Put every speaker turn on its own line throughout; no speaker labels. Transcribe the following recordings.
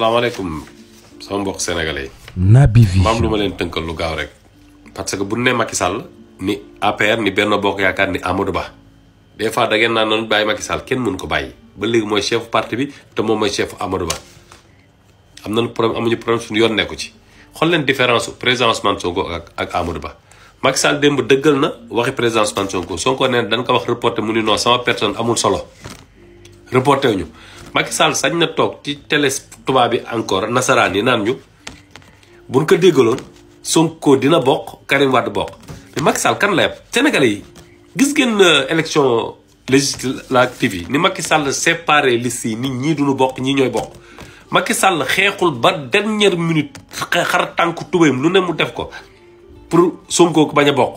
salaamaaleykum sama mbokk sénégalais yi. Naby Vision maam lu ma leen tënkal lu gaaw rek. parce que bu ne Macky Sall ni APR ni benn bokk yaakaar ni Amadou Ba des fois da ngeen naan noonu bàyyi Macky Sall kenn mënu ko bàyyi ba léegi mooy chef parti bi te moom mooy chef Amadou Ba am nañu problème amuñu problème suñu yoon nekku ci. xool leen différence présence président Sonko ak ak Amadou Ba Macky Sall démb dëggal na waxi présence Ousmane Sonko Sonko nee dañ ko wax reporter mu ni non sama personne amul solo reporter ñu. Macky Sall sañ na toog ci télé tubaab bi encore nasaraan yi naan ñu buñ ko déggaloon Sonko dina bokk Karim Wade bokk mais Macky Sall kan la yab Sénégalais yi gis ngeen euh, élection législative ni Macky Sall séparé liste yi nit ñii duñu bokk ñii ñooy bokk Macky Sall xeexul ba dernière minute xar tànk tubéyam lu ne mu def ko pour Sonko bañ a bokk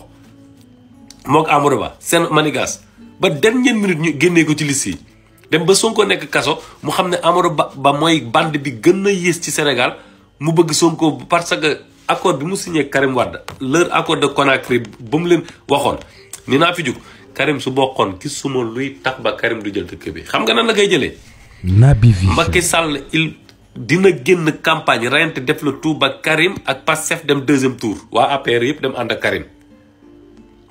moog Amadou Ba manigas ba dernière minute ñu génnee ko ci liste dem ba Sonko nekk kaso mu xam ne Amadou Ba ba mooy band bi gën a yées ci Sénégal mu bëgg Sonko parce que accord bi mu signé Karim Wade leur accord de Conakry ba mu leen waxoon ni naa fi jug Karim su bokkoon ki suma luy tax ba Karim du jël dëkk bi xam nga naa la kay jëlee. Naby Vision Macky dina génn campagne reyante def la tout ba Karim ak Pastef dem deuxième tour waa APR yëpp dem ànd ak Karim.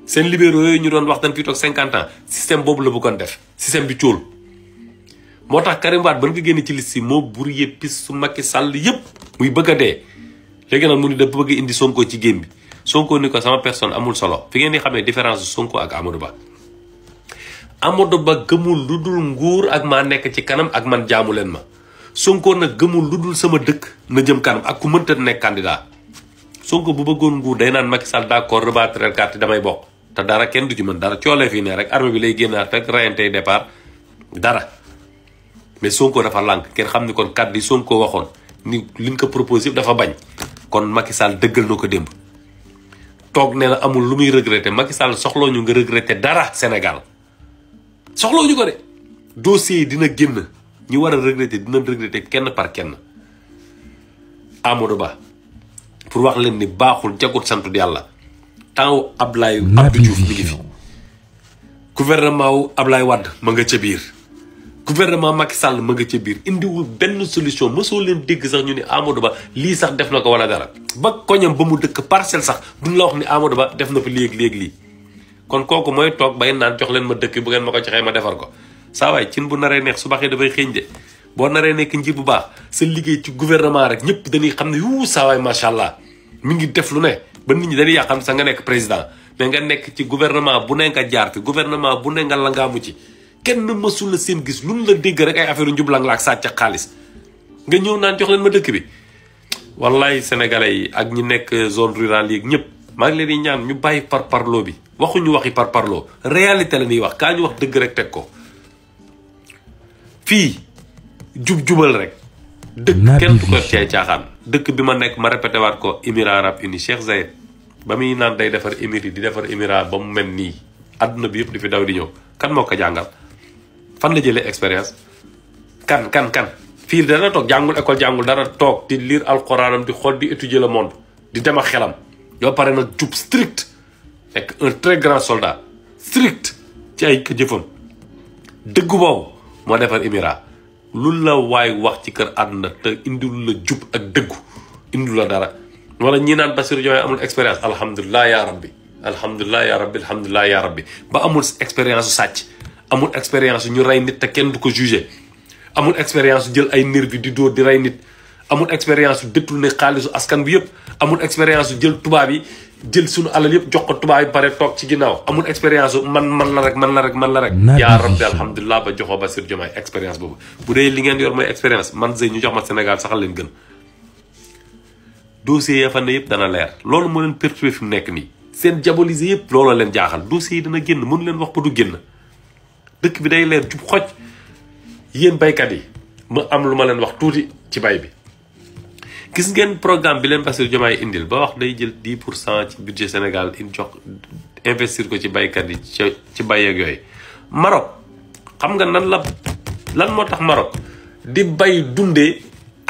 seen libéraux yooyu ñu doon wax dañ fi toog cinquante ans système boobu la bëggoon def système bi cóol. motax Karim wat ba nga genn ci liste moo brouillé piste su Macky Sall yep muy bëgg dé légui léegi mu ni dafa bëgg indi Sonko ci gem bi Sonko ni ko sama personne amul solo fi ngeen di xamé différence Sonko ak Amadou Ba Amadou Ba gëmul luddul nguur ak ma nek ci kanam ak man jaamu len ma Sonko na gëmul luddul sama dëkk na jëm kanam ak ku mënta nek candidat Sonko bu bëggoon nguur day naan Macky Sall d'accord rebattre carte damay bok ta dara kenn du ci mën dara ciolé fi né rek armée bi lay gennat rek rayenté départ dara mais Sonko dafa lank ken xamni kon kaddi Sonko waxon ni liñ ko proposer dafa bañ kon Macky Sall deugal noko demb tok toog ne na amul lu muy regretter Macky Sall soxlo ñu nga regretter dara Sénégal soxlo ñu ko de dossier dina genn ñu war regretter dina regretter kenn par kenn Amadou Ba pour wax leen ni baxul jagut santu yàlla temps wu Ablaye Abdou Diouf mi ngi fi gouvernement Wade ma nga ci bir gouvernement Macky Sall ma nga ca biir indiwul benn solution mosoo leen dégg sax ñu ne Amadou Ba lii sax def na ko wala dara ba koñam ba mu dëkk parcelle sax du la wax ni Amadou Ba def na fa léegi léegi lii kon kooku mooy toog bay naan jox leen ma dëkk bu ngeen ma ko joxee ma defar ko saa waay cin bu naree neex su baxee dafay xëñ de boo naree nekk njiit bu baax sa liggéey ci gouvernement rek ñëpp dañuy xam ne yuu saa waay macha allah mi ngi def lu ne ba nit ñi dañuy yàqam sa nga nekk président mais nga nekk ci gouvernement bu ne nga jaar ci gouvernement bu ne nga langaamu ci kenn mësul la seen gis lu la dégg rek ay affaire njublang la ak sàcc xaliss nga ñew naan jox leen ma dëkk bi wallahi sénégalais yi ak ñi nekk zone rurale yi ñëpp ma ngi leen di ñaan ñu bàyyi par parlo bi ñu waxi par parlo réalité la ni wax kaa ñu wax dëgg rek tek ko fi jub jubal rek. dëkk kenn du ko ci caaxaan. dëkk bi ma nekk ma répété waat ko émirat arab uni Cheikh Zayed ba muy naan day defar émirat di defar émirat ba mu mel nii bi yëpp di fi daw di ñëw kan moo ko fan la jëlee expérience kan kan kan fii dana toog jàngul école jàngul dara toog di lire alxuraanam di xool di étudier le monde di dem ak xelam yoo pare na jub strict nekk un très grand soldat strict ci ay jëfam dëggu boobu moo defar imira lu la waaye wax ci kër àdduna te indil la jub ak dëggu indil la dara wala ñi naan Bassirou Diomaye amul expérience alhamdulilah yaa rabbi alhamdulilah yaa rabbi alhamdulilah yaa rabbi ba amul expérience su sàcc amul expérience ñu rey nit te kenn du ko jugé amul expérience jël ay nervi di dóor di rey nit amul expérience détourné xaalisu askan bi yëpp amul expérience jël tubaab yi jël suñu alal jox ko tubaab yi pare toog ci ginnaaw amul expérience man man la rek man la rek man la rek yaa rabbi alhamdulilah ba joxoo Bassirou Diomaye expérience boobu bu dee li ngeen yor mooy expérience man sëy ñu jox ma Sénégal saxal leen gën dossiers ya fa ne yëpp dana leer loolu moo leen perturbé fi mu nekk nii seen diaboliser leen jaaxal dossiers yi dana génn mënu wax ba du génn dëkk bi day leer jub xoj yéen baykat yi ma am lu ma leen wax tuuti ci bay bi gis ngeen programme bi leen Bassirou Diomaye indil ba wax day jël 10 pour cent ci budget Sénégal in jox investir ko ci baykat yi ci ci bay yooyu Maroc xam nga nan la lan moo tax Maroc di bay dundee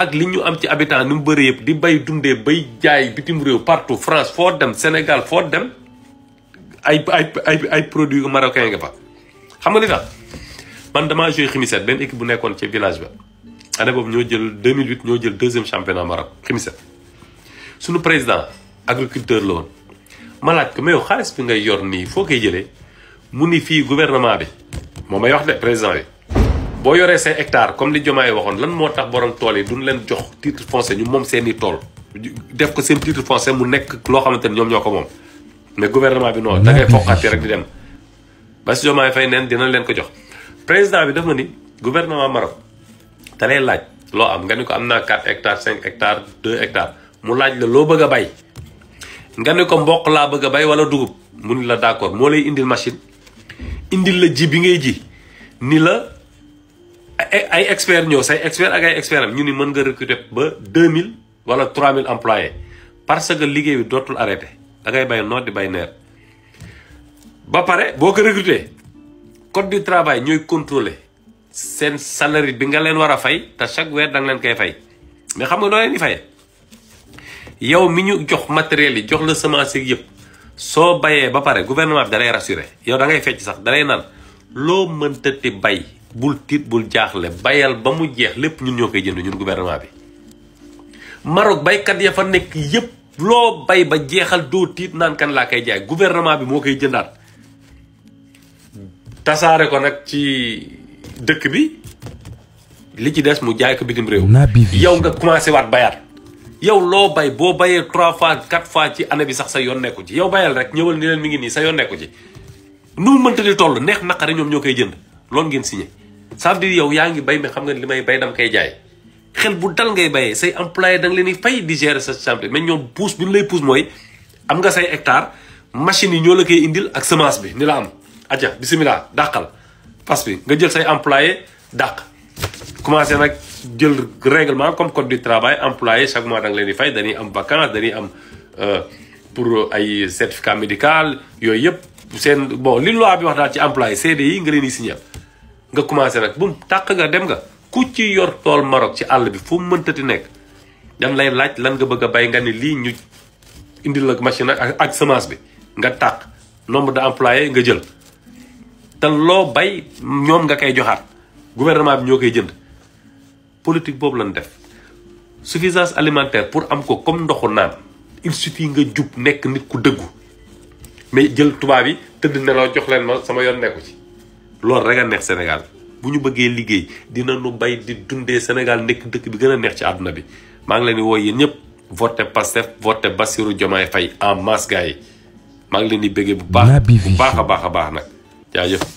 ak li ñu am ci habitant ni mu bëri yëpp di bay dundee bay jaay bitim réew partout France foo dem Sénégal foo dem ay ay ay ay produits marocains nga fa xam nga li tax man dama joué Khimisset benn équipe bu nekkoon ci village ba année boobu ñoo jël 2008 ñoo jël deuxième championnat Maroc Khimisset suñu président agriculteur la woon ma laaj ko mais yow xaalis bi ngay yor nii foo koy jëlee mu ni fii gouvernement bi moo may wax de président bi boo yoree say hectare comme li Jomaay waxoon lan moo tax borom tool yi duñ leen jox titre foncier ñu moom seen i tool def ko seen titre foncier mu nekk loo xamante ni ñoom ñoo ko moom mais gouvernement bi noonu da ngay foqati rek di dem Bassirou may fay nen dina len ko jox president bi dafa ni gouvernement Maroc te laaj lo am nga ni ko amna 4 hectares 5 hectares 2 hectares mu laaj la lo bëgg bay nga ni ko mboq la bëgg bay wala dugub mu ni la d'accord mo lay indil machine indil la ji bi ngay ji ni la ay expert ñoo say expert ak ay expert ñu ni mën nga recruter ba 2000 wala 3000 employés parce que liggéey bi dotul arrêté da ngay bay noor bay nerf ba pare boko recruter code du travail ñoy contrôler sen salaire bi nga len wara fay ta chaque weer dang len kay fay mais xam nga do len fay yow mi ñu jox matériel jox le semence yi so ba pare gouvernement da lay rassurer yow da ngay fecc sax da lay bay bul tit bul jaaxle bayal ba mu jeex lépp ñun ñokay jënd ñun gouvernement bi. Maroc kat ya fa nek yëpp lo bay ba jeexal do tit nan kan la kay jaay gouvernement bi mo kay jëndat tasaare ko nag ci dëkk bi li ci des mu jaay ko bitim réew. yow nga commencé waat bayaat. yow loo bay boo bayee trois fois quatre fois ci année bi sax sa yoon nekku ci yow bayal rek ñëwal ni leen mi ngi nii sa yoon nekku ci. nu mu mënta di toll neex naqare ñoom ñoo koy jënd loolu ngeen si ça veut dire yow yaa ngi bay mais xam nga li may bay dama koy jaay. xel bu dal ngay bayee say employé da leen di fay di gérer sa chambre mais ñoom pousse bi ñu lay pousse mooy am nga say hectare machines yi ñoo la koy indil ak semence bi ni la aja bismillah dakal pas bi nga jël say employé dak commencé nak jël règlement comme code du travail employé chaque mois dang leen di fay dañuy am vacances dañuy am euh, pour ay certificat médical yoy yep sen bon li loi bi wax daal ci employé CDI yi nga leen di signé nga commencé nak bum tak nga dem nga ku ci yor tol Maroc ci àll bi fu mu nek nekk lay laaj lan nga bëgg bay nga ni li ñu indi la machine ak semence bi nga tak nombre d'employé nga jël te loo bay ñoom nga koy joxaat gouvernement bi ñoo koy jënd politique boobu lañ def suffisance alimentaire pour am ko comme ndoxu naan il suffit nga jub nekk nit ku dëggu mais jël tubaab yi tëdd nelaw jox leen ma sama yoon nekku ci loolu rek a neex Sénégal bu ñu bëggee liggéey dina nu bay di dundee Sénégal nekk dëkk bi gën a neex ci àdduna bi maa ngi leen di woo yéen ñëpp voté Pastef voté bassiru Diomaye fay en masse gars yi maa ngi leen di bëggee bu baax bu baax a baax a baax nag jaajëf